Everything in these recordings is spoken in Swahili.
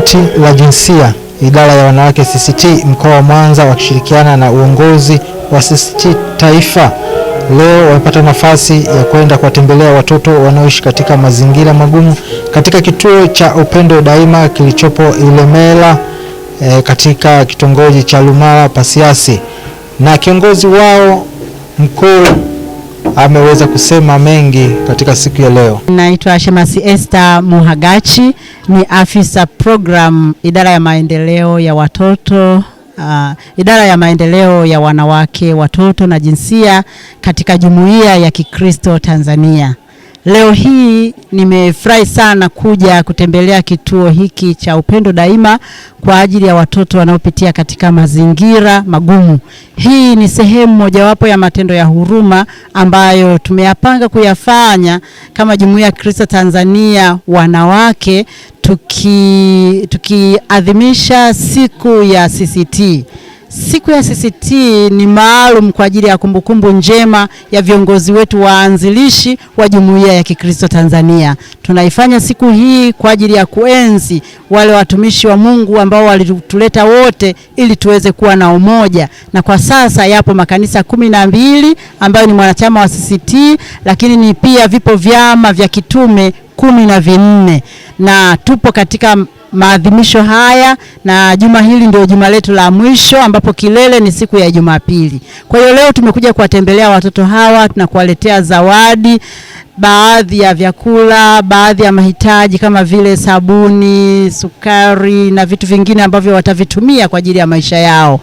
Dawati la Jinsia, idara ya wanawake CCT mkoa wa Mwanza wakishirikiana na uongozi wa CCT Taifa leo wamepata nafasi ya kwenda kuwatembelea watoto wanaoishi katika mazingira magumu katika kituo cha Upendo Daima kilichopo Ilemela e, katika kitongoji cha Lumala pasiasi na kiongozi wao mkuu ameweza kusema mengi katika siku ya leo. Naitwa Shemasi Esther Muhagachi ni afisa program idara ya maendeleo ya watoto Uh, idara ya maendeleo ya wanawake, watoto na jinsia katika Jumuiya ya Kikristo Tanzania. Leo hii nimefurahi sana kuja kutembelea kituo hiki cha Upendo Daima kwa ajili ya watoto wanaopitia katika mazingira magumu. Hii ni sehemu mojawapo ya matendo ya huruma ambayo tumeyapanga kuyafanya kama Jumuiya ya Kristo Tanzania wanawake tukiadhimisha tuki siku ya CCT. Siku ya CCT ni maalum kwa ajili ya kumbukumbu njema ya viongozi wetu waanzilishi wa jumuiya ya Kikristo Tanzania. Tunaifanya siku hii kwa ajili ya kuenzi wale watumishi wa Mungu ambao walituleta wote ili tuweze kuwa na umoja, na kwa sasa yapo makanisa kumi na mbili ambayo ni mwanachama wa CCT, lakini ni pia vipo vyama vya kitume kumi na vinne na tupo katika maadhimisho haya na juma hili ndio juma letu la mwisho ambapo kilele ni siku ya Jumapili. Kwa hiyo leo tumekuja kuwatembelea watoto hawa, tunakuwaletea zawadi baadhi ya vyakula, baadhi ya mahitaji kama vile sabuni, sukari na vitu vingine ambavyo watavitumia kwa ajili ya maisha yao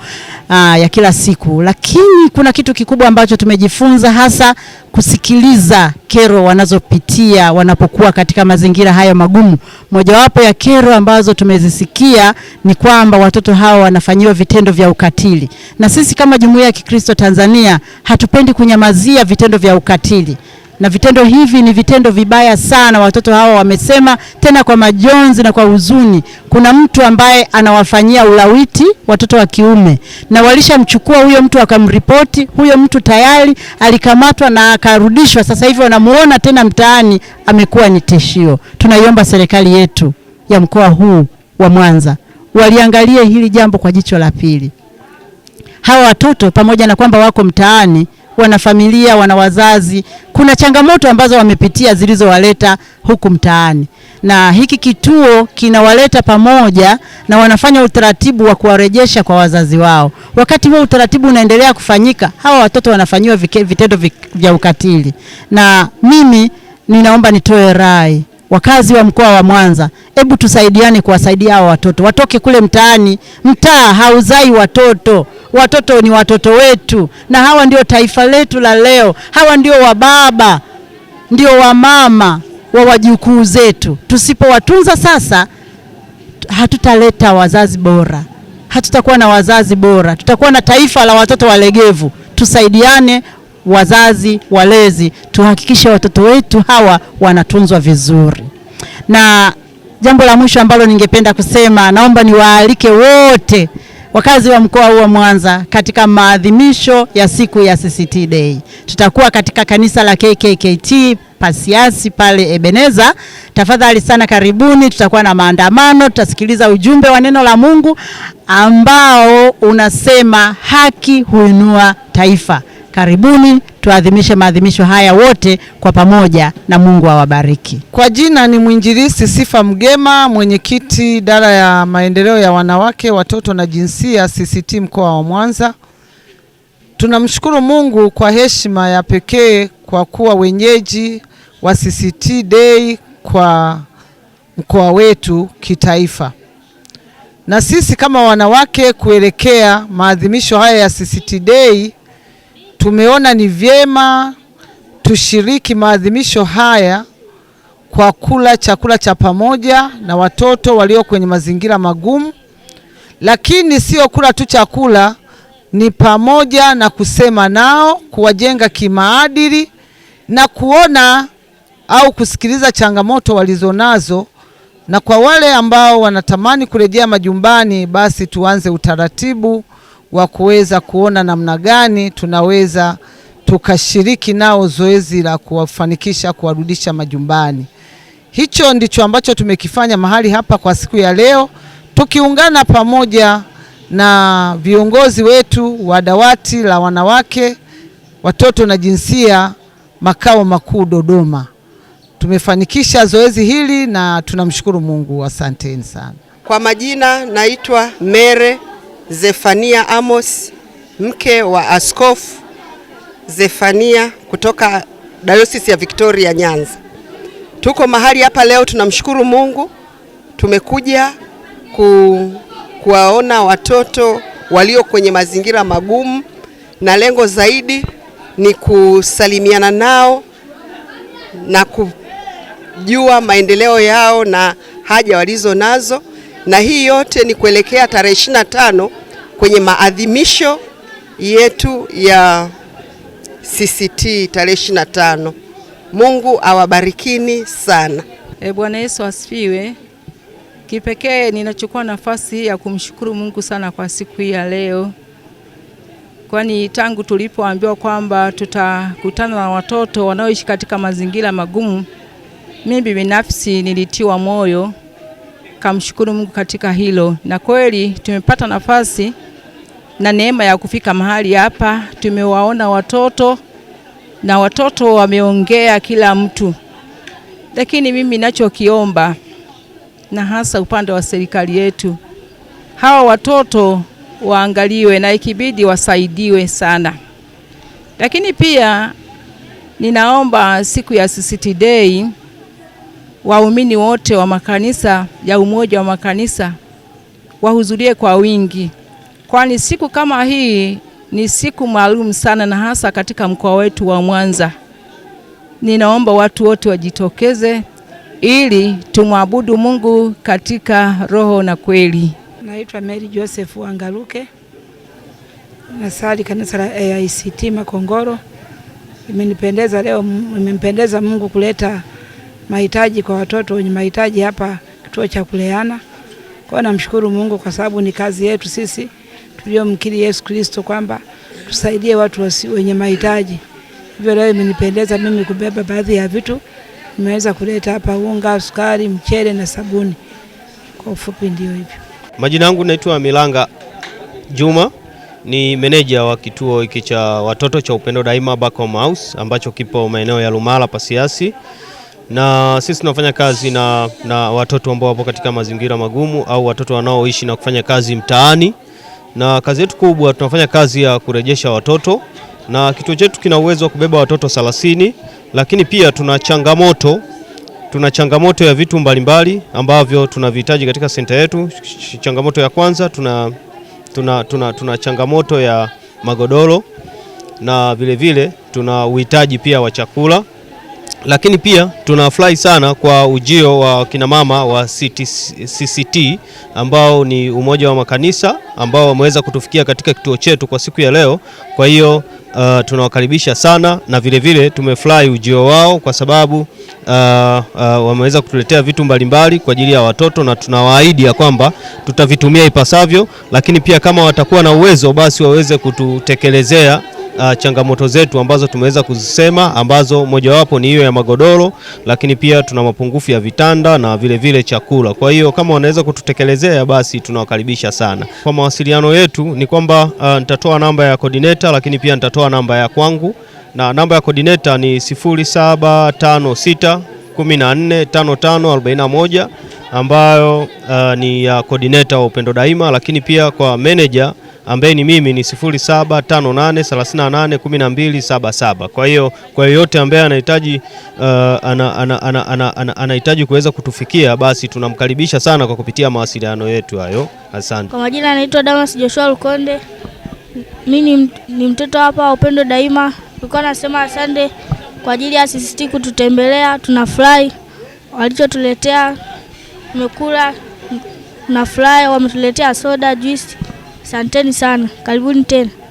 aa, ah, ya kila siku. Lakini kuna kitu kikubwa ambacho tumejifunza hasa kusikiliza kero wanazopitia wanapokuwa katika mazingira hayo magumu. Mojawapo ya kero ambazo tumezisikia ni kwamba watoto hawa wanafanyiwa vitendo vya ukatili, na sisi kama Jumuiya ya Kikristo Tanzania hatupendi kunyamazia vitendo vya ukatili na vitendo hivi ni vitendo vibaya sana. Watoto hawa wamesema tena kwa majonzi na kwa huzuni, kuna mtu ambaye anawafanyia ulawiti watoto wa kiume, na walishamchukua huyo mtu akamripoti. Huyo mtu tayari alikamatwa na akarudishwa, sasa hivi wanamuona tena mtaani, amekuwa ni tishio. Tunaiomba serikali yetu ya mkoa huu wa Mwanza waliangalie hili jambo kwa jicho la pili. Hawa watoto pamoja na kwamba wako mtaani wana familia, wana wazazi, kuna changamoto ambazo wamepitia zilizowaleta huku mtaani, na hiki kituo kinawaleta pamoja na wanafanya utaratibu wa kuwarejesha kwa wazazi wao. Wakati huo utaratibu unaendelea kufanyika, hawa watoto wanafanyiwa vitendo vya ukatili, na mimi ninaomba nitoe rai wakazi wa mkoa wa Mwanza, hebu tusaidiane kuwasaidia hawa watoto watoke kule mtaani. Mtaa hauzai watoto. Watoto ni watoto wetu, na hawa ndio taifa letu la leo. Hawa ndio wababa, ndio wamama wa wajukuu zetu. Tusipowatunza sasa, hatutaleta wazazi bora, hatutakuwa na wazazi bora, tutakuwa na taifa la watoto walegevu. Tusaidiane wazazi walezi, tuhakikishe watoto wetu hawa wanatunzwa vizuri. Na jambo la mwisho ambalo ningependa kusema, naomba niwaalike wote wakazi wa mkoa huu wa Mwanza katika maadhimisho ya siku ya CCT Day. Tutakuwa katika kanisa la KKKT Pasiansi pale Ebeneza. Tafadhali sana karibuni, tutakuwa na maandamano, tutasikiliza ujumbe wa neno la Mungu ambao unasema haki huinua taifa. Karibuni tuadhimishe maadhimisho haya wote kwa pamoja, na Mungu awabariki. Kwa jina ni mwinjilisi Sifa Mgema, mwenyekiti idara ya maendeleo ya wanawake, watoto na jinsia, CCT mkoa wa Mwanza. Tunamshukuru Mungu kwa heshima ya pekee kwa kuwa wenyeji wa CCT Day kwa mkoa wetu kitaifa, na sisi kama wanawake kuelekea maadhimisho haya ya CCT Day tumeona ni vyema tushiriki maadhimisho haya kwa kula chakula cha pamoja na watoto walio kwenye mazingira magumu, lakini sio kula tu chakula, ni pamoja na kusema nao, kuwajenga kimaadili na kuona au kusikiliza changamoto walizonazo, na kwa wale ambao wanatamani kurejea majumbani, basi tuanze utaratibu wa kuweza kuona namna gani tunaweza tukashiriki nao zoezi la kuwafanikisha kuwarudisha majumbani. Hicho ndicho ambacho tumekifanya mahali hapa kwa siku ya leo, tukiungana pamoja na viongozi wetu wa dawati la wanawake, watoto na jinsia, makao makuu Dodoma. Tumefanikisha zoezi hili na tunamshukuru Mungu. Asanteni sana. Kwa majina naitwa Mere Zefania Amos, mke wa Askofu Zefania kutoka Dayosisi ya Victoria Nyanza. Tuko mahali hapa leo, tunamshukuru Mungu. Tumekuja ku, kuwaona watoto walio kwenye mazingira magumu, na lengo zaidi ni kusalimiana nao na kujua maendeleo yao na haja walizo nazo na hii yote ni kuelekea tarehe 25 kwenye maadhimisho yetu ya CCT tarehe 25. Mungu awabarikini sana. E, Bwana Yesu asifiwe. Kipekee ninachukua nafasi hii ya kumshukuru Mungu sana kwa siku hii ya leo, kwani tangu tulipoambiwa kwamba tutakutana na watoto wanaoishi katika mazingira magumu, mimi binafsi nilitiwa moyo kamshukuru Mungu katika hilo, na kweli tumepata nafasi na neema ya kufika mahali hapa. Tumewaona watoto na watoto wameongea kila mtu, lakini mimi nachokiomba na hasa upande wa serikali yetu, hawa watoto waangaliwe na ikibidi wasaidiwe sana, lakini pia ninaomba siku ya CCT Day waumini wote wa makanisa ya umoja wa makanisa wahudhurie kwa wingi, kwani siku kama hii ni siku maalum sana, na hasa katika mkoa wetu wa Mwanza. Ninaomba watu wote wajitokeze ili tumwabudu Mungu katika roho na kweli. Naitwa Mary Joseph Wangaruke, nasali kanisa la AICT Makongoro. Imenipendeza leo, imempendeza Mungu kuleta mahitaji kwa watoto wenye mahitaji hapa kituo cha kuleana. Kwa namshukuru Mungu kwa sababu ni kazi yetu sisi tuliyomkiri Yesu Kristo kwamba tusaidie watu wasi, wenye mahitaji. Hivyo leo imenipendeza mimi kubeba baadhi ya vitu, nimeweza kuleta hapa unga, sukari, mchele na sabuni. Kwa ufupi ndio hivyo. Majina yangu naitwa Milanga Juma, ni meneja wa kituo hiki cha watoto cha Upendo Daima Bakom House ambacho kipo maeneo ya Lumala Pasiasi na sisi tunafanya kazi na, na watoto ambao wapo katika mazingira magumu au watoto wanaoishi na kufanya kazi mtaani, na kazi yetu kubwa tunafanya kazi ya kurejesha watoto, na kituo chetu kina uwezo wa kubeba watoto 30, lakini pia tuna changamoto tuna changamoto ya vitu mbalimbali ambavyo tunavihitaji katika senta yetu. Changamoto ya kwanza tuna, tuna, tuna, tuna changamoto ya magodoro na vilevile tuna uhitaji pia wa chakula lakini pia tunafurahi sana kwa ujio wa kinamama wa CCT ambao ni umoja wa makanisa ambao wameweza kutufikia katika kituo chetu kwa siku ya leo. Kwa hiyo uh, tunawakaribisha sana na vilevile tumefurahi ujio wao kwa sababu uh, uh, wameweza kutuletea vitu mbalimbali kwa ajili ya watoto, na tunawaahidi ya kwamba tutavitumia ipasavyo, lakini pia kama watakuwa na uwezo basi waweze kututekelezea uh, changamoto zetu ambazo tumeweza kuzisema ambazo mojawapo ni hiyo ya magodoro, lakini pia tuna mapungufu ya vitanda na vilevile vile chakula. Kwa hiyo kama wanaweza kututekelezea basi tunawakaribisha sana. Kwa mawasiliano yetu ni kwamba uh, nitatoa namba ya coordinator, lakini pia nitatoa namba ya kwangu na namba ya coordinator ni 0756 145541 ambayo uh, ni ya coordinator wa Upendo Daima, lakini pia kwa manager ambaye ni mimi ni 0758381277. Kwa hiyo kwa yeyote ambaye anahitaji uh, ana, ana, ana, ana, ana, anahitaji kuweza kutufikia basi tunamkaribisha sana kwa kupitia mawasiliano yetu hayo. Asante. Kwa majina anaitwa Damas Joshua Lukonde. Mimi ni mtoto hapa Upendo Daima. Tulikuwa nasema asante kwa ajili ya sisiti kututembelea, tunafurahi walichotuletea, tumekula fly wametuletea soda, juice. Asanteni sana, karibuni tena.